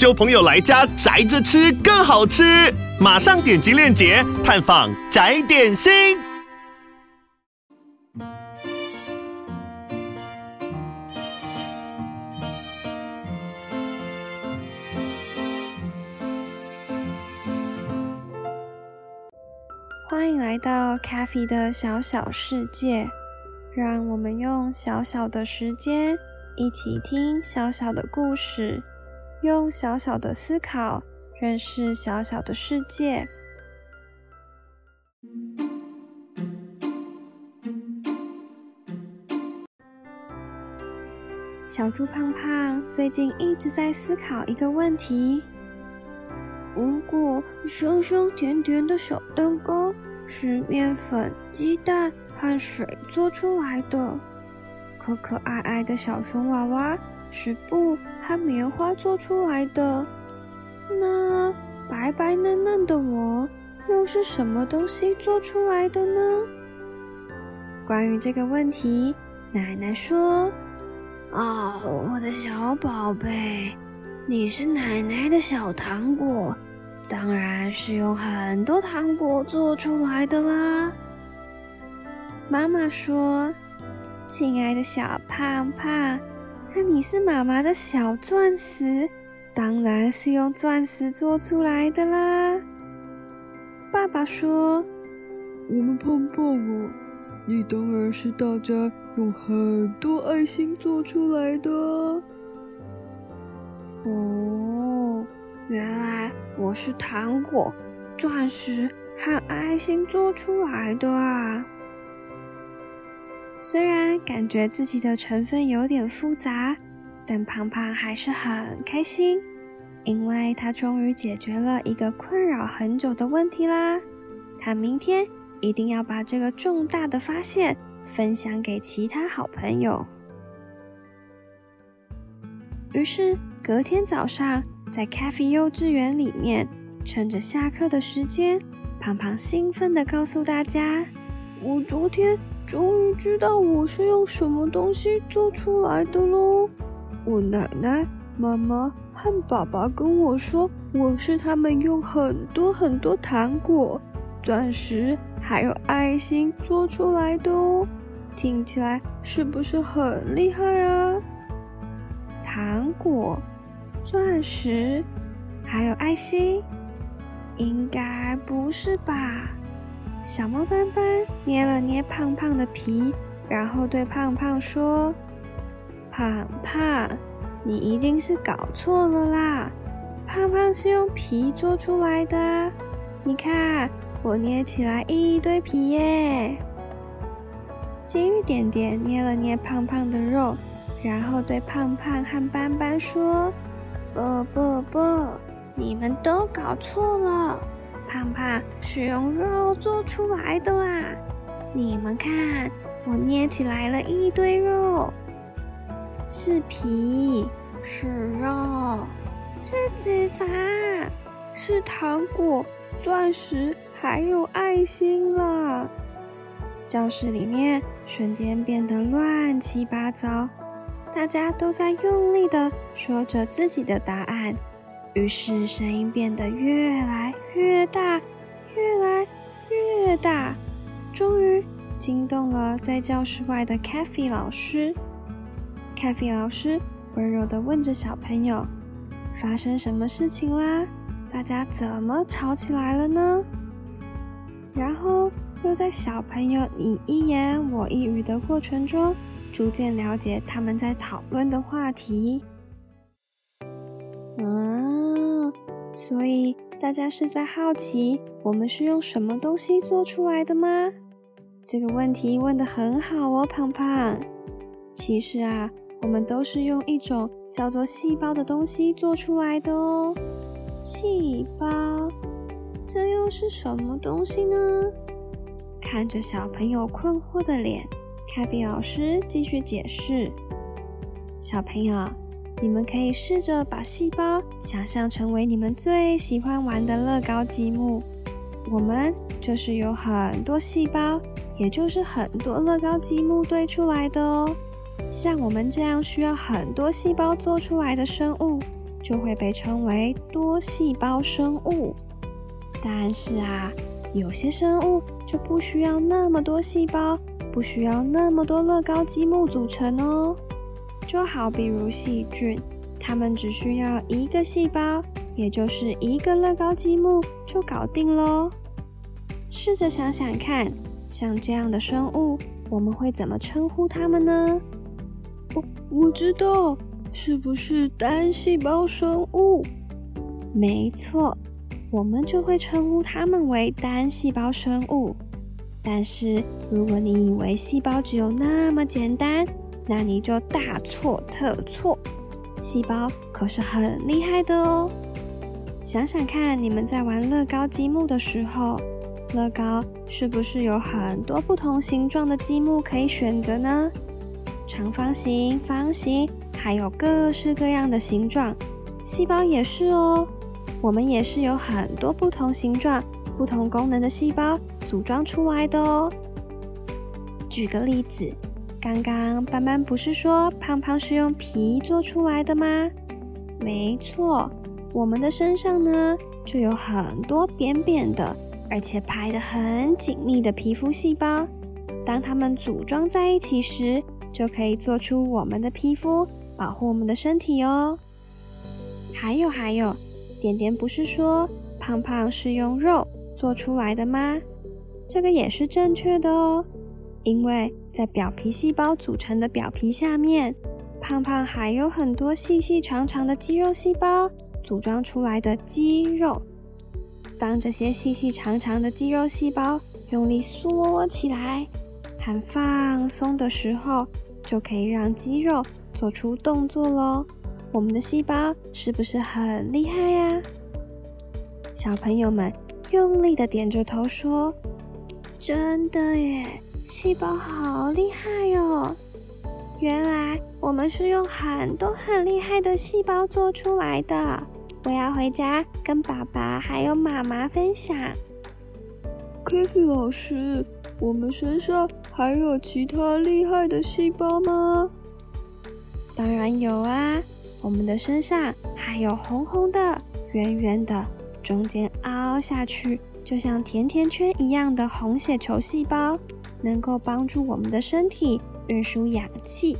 交朋友來家宅着吃更好吃，馬上點擊鏈接探訪宅點心。歡迎來到咖啡的小小世界，讓我們用小小的時間一起聽小小的故事。用小小的思考認識小小的世界。小豬胖胖最近一直在思考一個問題：如果香香甜甜的小蛋糕是麵粉、雞蛋和水做出來的，可可愛愛的小熊娃娃，是布和棉花做出來的，那白白嫩嫩的我，又是什麼東西做出來的呢？關於這個問題，奶奶說：“啊、哦，我的小寶貝，你是奶奶的小糖果，當然是用很多糖果做出來的啦。”媽媽說：“親愛的小胖胖。”那你是媽媽的小鑽石，當然是用鑽石做出來的啦。爸爸說：“我們胖胖哦，你當然是大家用很多愛心做出來的啊。哦，原來我是糖果、鑽石和愛心做出來的啊。”雖然感覺自己的成分有點複雜，但胖胖還是很開心，因為他終於解決了一個困擾很久的問題啦！他明天一定要把這個重大的發現分享給其他好朋友。於是，隔天早上在咖啡幼稚園裡面，趁着下課的時間，胖胖興奮地告訴大家：“我昨天……”終於知道我是用什麼東西做出來的嘍！我奶奶、媽媽和爸爸跟我說，我是他們用很多很多糖果、鑽石還有愛心做出來的哦。聽起來是不是很厲害啊？糖果、鑽石還有愛心，應該不是吧？小貓斑斑捏了捏胖胖的皮，然後對胖胖說：“胖胖，你一定是搞錯了啦！胖胖是用皮做出來的，你看，我捏起來一堆皮耶。”金魚點點捏了捏胖胖的肉，然後對胖胖和斑斑說：“不不不，你們都搞錯了。”胖胖是用肉做出來的啦！你們看，我捏起來了一堆肉，是皮，是肉，是脂肪，是糖果、鑽石，還有愛心了。教室裡面瞬間變得亂七八糟，大家都在用力地說着自己的答案。於是聲音變得越來越大，越來越大，終於驚動了在教室外的 Kathy 老師。Kathy 老師溫柔的問着小朋友：“發生什麼事情啦？大家怎麼吵起來了呢？”然後又在小朋友你一言我一語的過程中，逐漸了解他們在討論的話題。嗯。所以大家是在好奇我們是用什麼東西做出來的嗎？這個問題問得很好哦，胖胖。其實啊，我們都是用一種叫做細胞的東西做出來的哦。細胞，這又是什麼東西呢？看着小朋友困惑的臉，凱比老師繼續解釋：小朋友。你們可以試着把細胞想象成為你們最喜歡玩的樂高積木，我們就是有很多細胞，也就是很多樂高積木堆出來的哦。像我們這樣需要很多細胞做出來的生物，就會被稱為多細胞生物。但是啊，有些生物就不需要那麼多細胞，不需要那麼多樂高積木組成哦。就好比如細菌，它們只需要一個細胞，也就是一個樂高積木就搞定嘍。試着想想看，像這樣的生物，我們會怎麼稱呼它們呢？我我知道，是不是單細胞生物？沒錯，我們就會稱呼它們為單細胞生物。但是，如果你以為細胞只有那麼簡單，那你就大錯特錯，細胞可是很厲害的哦。想想看，你們在玩樂高積木的時候，樂高是不是有很多不同形狀的積木可以選擇呢？長方形、方形，還有各式各樣的形狀。細胞也是哦，我們也是有很多不同形狀、不同功能的細胞組裝出來的哦。舉個例子。剛剛斑斑不是說胖胖是用皮做出來的嗎？沒錯，我們的身上呢，就有很多扁扁的，而且排得很緊密的皮膚細胞，當它們組裝在一起時，就可以做出我們的皮膚，保護我們的身體哦。還有還有，點點不是說胖胖是用肉做出來的嗎？這個也是正確的哦。因為在表皮細胞組成的表皮下面，胖胖還有很多細細長長的肌肉細胞組裝出來的肌肉。當這些細細長長的肌肉細胞用力縮起來，很放鬆的時候，就可以讓肌肉做出動作嘍。我們的細胞是不是很厲害呀、啊？小朋友們用力的點着頭說：“真的耶！”細胞好厲害喲、哦！原來我們是用很多很厲害的細胞做出來的。我要回家跟爸爸還有媽媽分享。Kathy 老師，我們身上還有其他厲害的細胞嗎？當然有啊！我們的身上還有紅紅的、圓圓的、中間凹下去，就像甜甜圈一樣的紅血球細胞。能夠幫助我們的身體運輸氧氣，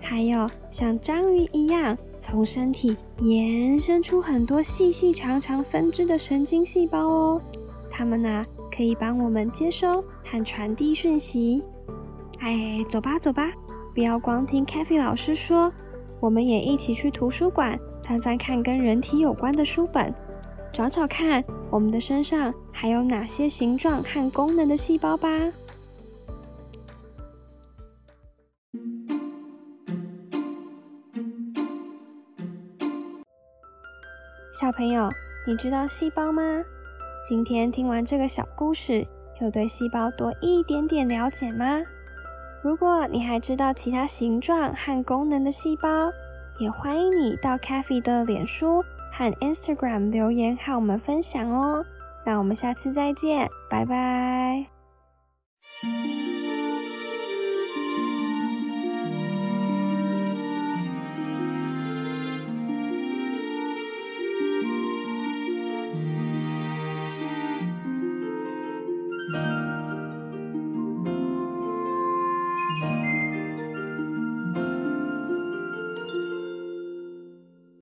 還有像章魚一樣從身體延伸出很多細細長長分支的神經細胞哦。它們呢可以幫我們接收和傳遞訊息。哎，走吧走吧，不要光聽 Cathy 老師說，我們也一起去圖書館翻翻看跟人體有關的書本，找找看我們的身上還有哪些形狀和功能的細胞吧。小朋友，你知道細胞嗎？今天聽完這個小故事，有對細胞多一點點了解嗎？如果你還知道其他形狀和功能的細胞，也歡迎你到 Cathy 的臉書和 Instagram 留言和我們分享哦。那我們下次再見，拜拜。